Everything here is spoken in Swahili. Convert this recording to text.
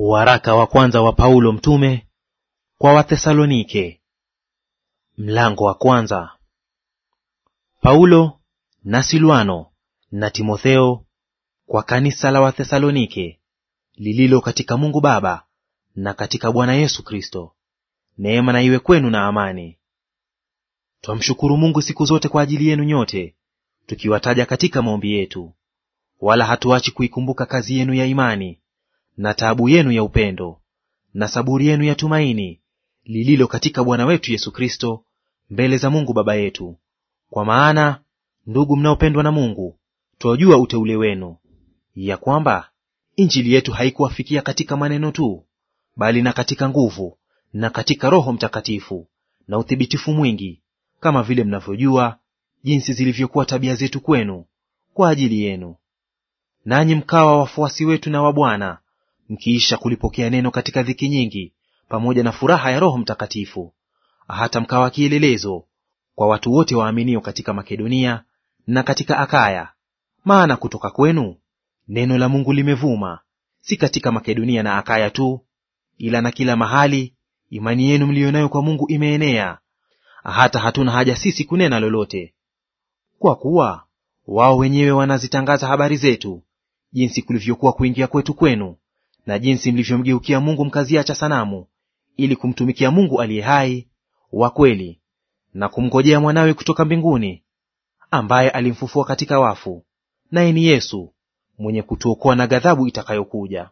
Waraka wa kwanza wa Paulo mtume kwa Wathesalonike, mlango wa kwanza. Paulo na Silwano na Timotheo, kwa kanisa la Wathesalonike lililo katika Mungu Baba na katika Bwana Yesu Kristo, neema na iwe kwenu na amani. Twamshukuru Mungu siku zote kwa ajili yenu nyote, tukiwataja katika maombi yetu, wala hatuachi kuikumbuka kazi yenu ya imani na taabu yenu ya upendo na saburi yenu ya tumaini lililo katika Bwana wetu Yesu Kristo mbele za Mungu Baba yetu. Kwa maana ndugu mnaopendwa na Mungu, twajua uteule wenu, ya kwamba injili yetu haikuwafikia katika maneno tu, bali na katika nguvu na katika Roho Mtakatifu na uthibitifu mwingi, kama vile mnavyojua jinsi zilivyokuwa tabia zetu kwenu kwa ajili yenu, nanyi mkawa wafuasi wetu na wa Bwana mkiisha kulipokea neno katika dhiki nyingi, pamoja na furaha ya Roho Mtakatifu, hata mkawa kielelezo kwa watu wote waaminio katika Makedonia na katika Akaya. Maana kutoka kwenu neno la Mungu limevuma, si katika Makedonia na Akaya tu, ila na kila mahali imani yenu mliyo nayo kwa Mungu imeenea, hata hatuna haja sisi kunena lolote, kwa kuwa wao wenyewe wanazitangaza habari zetu, jinsi kulivyokuwa kuingia kwetu kwenu na jinsi mlivyomgeukia Mungu mkaziacha sanamu ili kumtumikia Mungu aliye hai wa kweli na kumngojea mwanawe kutoka mbinguni ambaye alimfufua katika wafu, naye ni Yesu mwenye kutuokoa na ghadhabu itakayokuja.